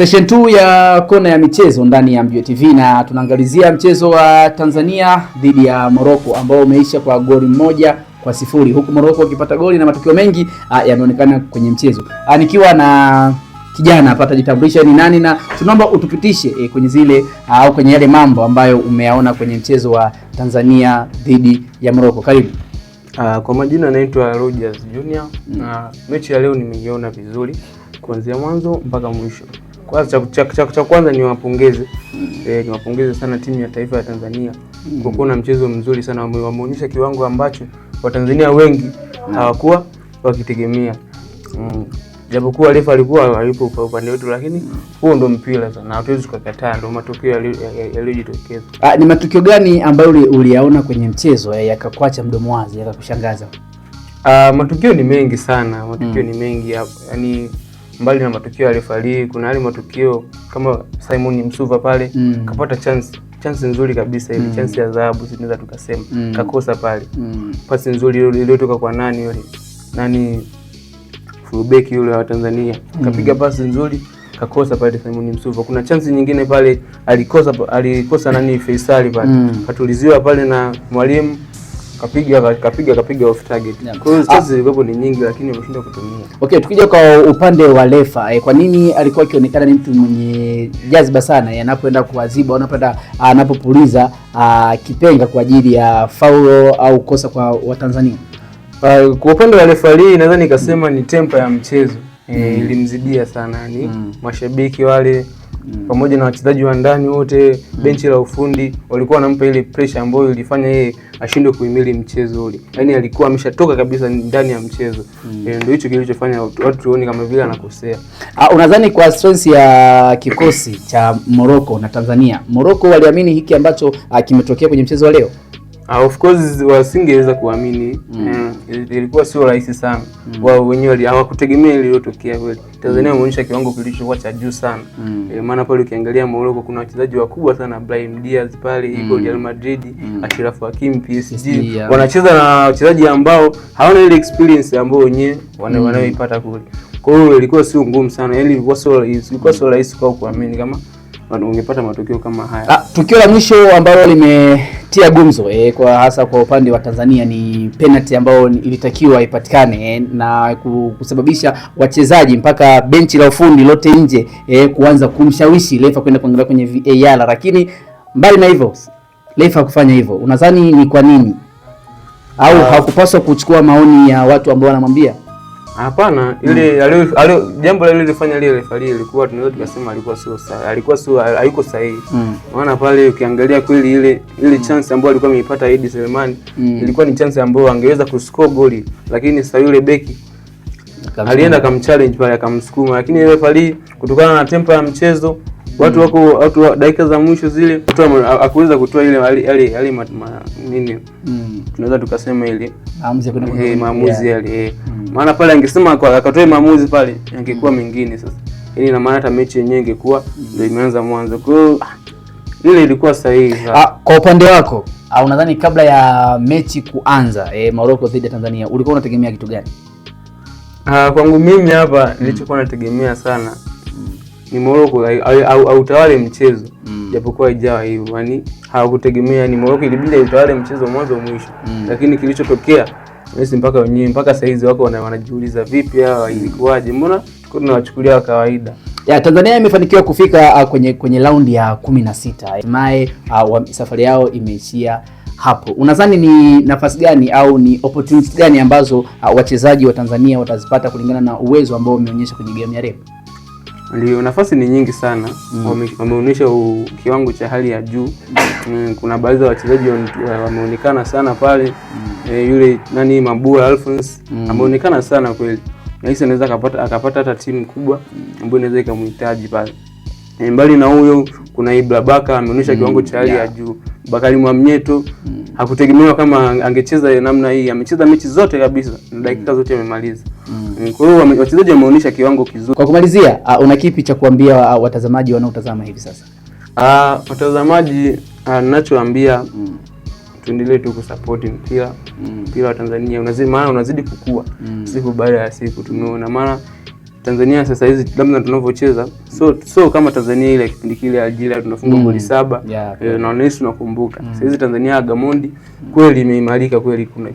Session 2 ya kona ya michezo ndani ya Mjue TV na tunaangalizia mchezo wa Tanzania dhidi ya Morocco ambao umeisha kwa goli moja kwa sifuri huku Morocco wakipata goli na matukio mengi ah, yameonekana kwenye mchezo. A, ah, nikiwa na kijana hapa atajitambulisha ni nani na tunaomba utupitishe e, kwenye zile ah, au kwenye yale mambo ambayo umeyaona kwenye mchezo wa Tanzania dhidi ya Morocco. Karibu. Uh, kwa majina naitwa Rogers Junior. Mm. Uh, mechi ya leo nimeiona vizuri kuanzia mwanzo mpaka mwisho. Kwanza cha kwanza ni wapongeze mm. E, eh, ni wapongeze sana timu ya taifa ya Tanzania mm. kwa kuwa na mchezo mzuri sana, wameonyesha kiwango ambacho Watanzania wengi mm. hawakuwa wakitegemea mm. Japokuwa refa alikuwa alipo upande wetu, lakini huo ndo mpira sana, hatuwezi tukakataa. Ndo matokeo yaliyojitokeza. Ah, ni matukio gani ambayo uliyaona kwenye mchezo eh, yakakwacha mdomo wazi yakakushangaza? Ah, matukio ni mengi sana, matukio mm. ni mengi yani, mbali na matukio ya refarii, kuna yale matukio kama Simon Msuva pale mm. kapata chance chance nzuri kabisa ile mm. chance ya dhahabu tunaweza tukasema mm. kakosa pale mm. pasi nzuri iliyotoka kwa nani yule nani fullback yule wa Tanzania mm. kapiga pasi nzuri kakosa pale Simon Msuva. Kuna chance nyingine pale alikosa alikosa nani Faisali pale mm. katuliziwa pale na mwalimu Kapiga kapiga kapiga off target. Kwa hiyo chances ah. zilikuwa ni nyingi, lakini kutumia. Okay, tukija kwa upande wa refa eh, kwa nini alikuwa akionekana ni mtu mwenye jaziba sana eh, anapoenda kuwaziba anapenda ah, anapopuliza ah, kipenga kwa ajili ya faulo au kosa kwa Watanzania? Uh, kwa upande wa hii nadhani nikasema mm. ni tempa ya mchezo eh, mm. ilimzidia e, mm. sana ni mm. mashabiki wale Mm. pamoja na wachezaji wa ndani wote, mm. benchi la ufundi walikuwa wanampa ile pressure ambayo ilifanya yeye ashindwe kuhimili mchezo ule. Yaani alikuwa ameshatoka kabisa ndani ya mchezo. Mm. Eh, ndio hicho kilichofanya watu waone kama vile anakosea. Ah, unadhani kwa strength ya kikosi cha Morocco na Tanzania, Morocco waliamini hiki ambacho ah, kimetokea kwenye mchezo wa leo? Ah, of course wasingeweza kuamini mm. Eh, ilikuwa sio rahisi sana mm. wao wenyewe hawakutegemea iliyotokea kweli. Mm. Tanzania imeonyesha mm. kiwango kilichokuwa cha juu sana mm. E, maana pale ukiangalia Morocco kuna wachezaji wakubwa sana Brahim Diaz pale mm. iko Real Madrid mm. Ashraf Hakimi PSG yeah. wanacheza na wachezaji ambao hawana ile experience ambayo wenyewe wanayoipata mm. kule. Kwa hiyo ilikuwa sio ngumu sana, yaani ilikuwa sio rahisi, ilikuwa sio rahisi kwao kuamini kama ungepata matokeo kama haya. Ah, tukio la mwisho ambalo lime tia gumzo eh, kwa hasa kwa upande wa Tanzania ni penalty ambayo ilitakiwa ipatikane eh, na kusababisha wachezaji mpaka benchi la ufundi lote nje eh, kuanza kumshawishi refa kwenda kuangalia kwenye VAR, lakini mbali na hivyo refa kufanya hivyo, unadhani ni kwa nini au uh, hakupaswa kuchukua maoni ya watu ambao wanamwambia Hapana, ile mm. jambo lile lilifanya lile refari ilikuwa tunaweza tukasema alikuwa sio sahihi, alikuwa sio hayuko sahihi mm. maana pale ukiangalia kweli ile ile mm. chance ambayo alikuwa ameipata Idi Selemani mm. ilikuwa ni chance ambayo angeweza kuscore goli, lakini sasa yule beki alienda kamchallenge pale akamsukuma, lakini ile refari kutokana na tempo ya mchezo watu mm. wako watu dakika za mwisho zile watu akuweza kutoa ile yale yale nini, mm. tunaweza tukasema ile maamuzi eh, yale yeah maana pale angesema akatoe maamuzi pale angekuwa mm. mengine sasa. Yaani ina maana hata mechi yenyewe ingekuwa mm. ndio imeanza mwanzo. Kwa hiyo ile ilikuwa sahihi. Ah, kwa upande wako au nadhani kabla ya mechi kuanza eh, Morocco dhidi ya Tanzania ulikuwa unategemea kitu gani? Ah, kwangu mimi hapa mm. nilichokuwa mm. nategemea sana ni Morocco autawale au, au mchezo mm. japokuwa haijawa hivyo, yani hawakutegemea ni yaani Morocco ilibidi autawale mchezo mwanzo mwisho mm. lakini kilichotokea Messi mpaka wenyewe mpaka saizi wako wanajiuliza vipi hawa ilikuwaje, mbona wachukulia wa kawaida. Ya, Tanzania imefanikiwa kufika uh, kwenye kwenye raundi ya kumi na sita hatimaye uh, safari yao imeishia hapo. Unadhani ni nafasi gani au ni opportunity gani ambazo uh, wachezaji wa Tanzania watazipata kulingana na uwezo ambao umeonyesha kwenye game ya leo? Ndio, nafasi ni nyingi sana mm. Wameonyesha kiwango cha hali ya juu mm. mm kuna baadhi ya wachezaji wameonekana sana pale mm. E, yule nani Mabua Alphonse mm. ameonekana sana kweli, nahisi anaweza akapata akapata hata timu kubwa mm. ambayo inaweza ikamhitaji pale. E, mbali na huyo kuna Ibra Baka ameonyesha mm. kiwango cha hali yeah. ya juu. Bakari Mwamnyeto mm hakutegemewa kama angecheza namna hii. Amecheza mechi zote kabisa na mm. dakika zote amemaliza. Mm. Kwa hiyo wachezaji wameonyesha kiwango kizuri. Kwa kumalizia, uh, una kipi cha kuambia ah, watazamaji wanaotazama hivi sasa? Uh, watazamaji ninachoambia uh, mm. tuendelee tu kusapoti mpira mpira mm. wa Tanzania unazidi, maana unazidi kukua mm. siku baada ya siku tumeona maana Tanzania sasa hizi labda tunavyocheza so, so kama Tanzania ile kipindi kile ajira tunafunga mm. goli saba yeah, okay. Eh, e, naonesi unakumbuka mm. Sasa hizi Tanzania Gamondi kweli imeimarika kweli, kuna